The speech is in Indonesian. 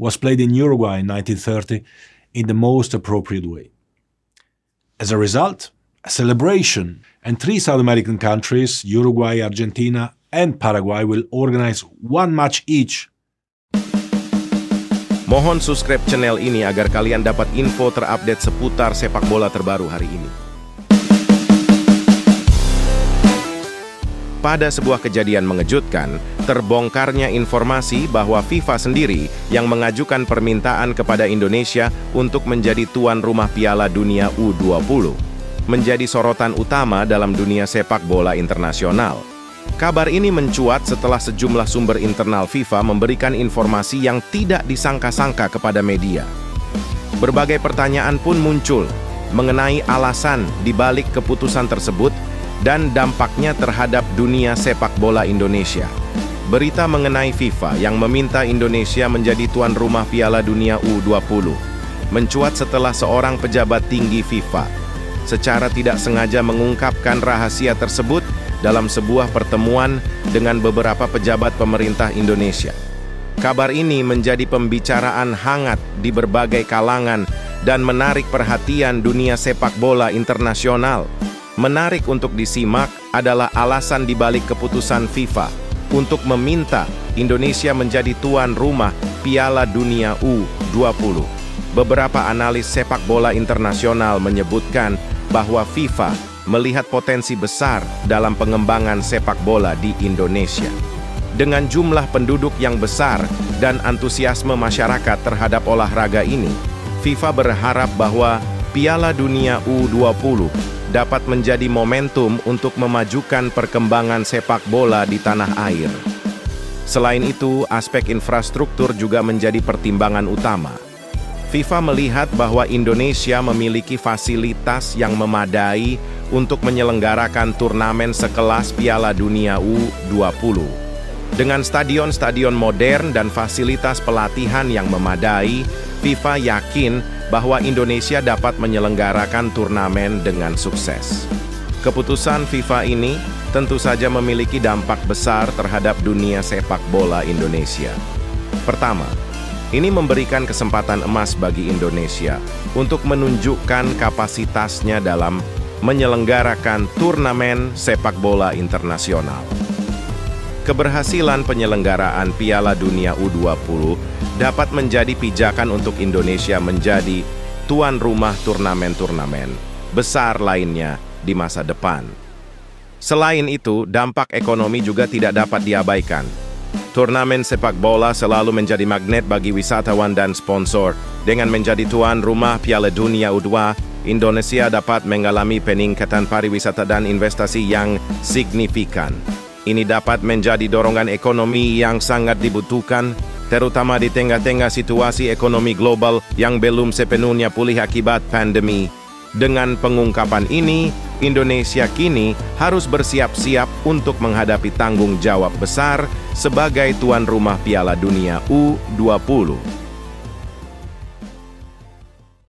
was played in Uruguay in 1930 in the most appropriate way. As a result, a celebration, and three South American countries, Uruguay, Argentina, and Paraguay, will organize one match each. Mohon subscribe channel ini agar kalian dapat info terupdate seputar sepak bola terbaru hari ini. pada sebuah kejadian mengejutkan, terbongkarnya informasi bahwa FIFA sendiri yang mengajukan permintaan kepada Indonesia untuk menjadi tuan rumah Piala Dunia U20, menjadi sorotan utama dalam dunia sepak bola internasional. Kabar ini mencuat setelah sejumlah sumber internal FIFA memberikan informasi yang tidak disangka-sangka kepada media. Berbagai pertanyaan pun muncul mengenai alasan dibalik keputusan tersebut dan dampaknya terhadap dunia sepak bola Indonesia. Berita mengenai FIFA yang meminta Indonesia menjadi tuan rumah Piala Dunia U20 mencuat setelah seorang pejabat tinggi FIFA secara tidak sengaja mengungkapkan rahasia tersebut dalam sebuah pertemuan dengan beberapa pejabat pemerintah Indonesia. Kabar ini menjadi pembicaraan hangat di berbagai kalangan dan menarik perhatian dunia sepak bola internasional menarik untuk disimak adalah alasan dibalik keputusan FIFA untuk meminta Indonesia menjadi tuan rumah Piala Dunia U20. Beberapa analis sepak bola internasional menyebutkan bahwa FIFA melihat potensi besar dalam pengembangan sepak bola di Indonesia. Dengan jumlah penduduk yang besar dan antusiasme masyarakat terhadap olahraga ini, FIFA berharap bahwa Piala Dunia U20 dapat menjadi momentum untuk memajukan perkembangan sepak bola di tanah air. Selain itu, aspek infrastruktur juga menjadi pertimbangan utama. FIFA melihat bahwa Indonesia memiliki fasilitas yang memadai untuk menyelenggarakan turnamen sekelas Piala Dunia U20. Dengan stadion-stadion modern dan fasilitas pelatihan yang memadai, FIFA yakin bahwa Indonesia dapat menyelenggarakan turnamen dengan sukses. Keputusan FIFA ini tentu saja memiliki dampak besar terhadap dunia sepak bola Indonesia. Pertama, ini memberikan kesempatan emas bagi Indonesia untuk menunjukkan kapasitasnya dalam menyelenggarakan turnamen sepak bola internasional keberhasilan penyelenggaraan Piala Dunia U20 dapat menjadi pijakan untuk Indonesia menjadi tuan rumah turnamen-turnamen besar lainnya di masa depan. Selain itu, dampak ekonomi juga tidak dapat diabaikan. Turnamen sepak bola selalu menjadi magnet bagi wisatawan dan sponsor. Dengan menjadi tuan rumah Piala Dunia U2, Indonesia dapat mengalami peningkatan pariwisata dan investasi yang signifikan. Ini dapat menjadi dorongan ekonomi yang sangat dibutuhkan, terutama di tengah-tengah situasi ekonomi global yang belum sepenuhnya pulih akibat pandemi. Dengan pengungkapan ini, Indonesia kini harus bersiap-siap untuk menghadapi tanggung jawab besar sebagai tuan rumah Piala Dunia U20.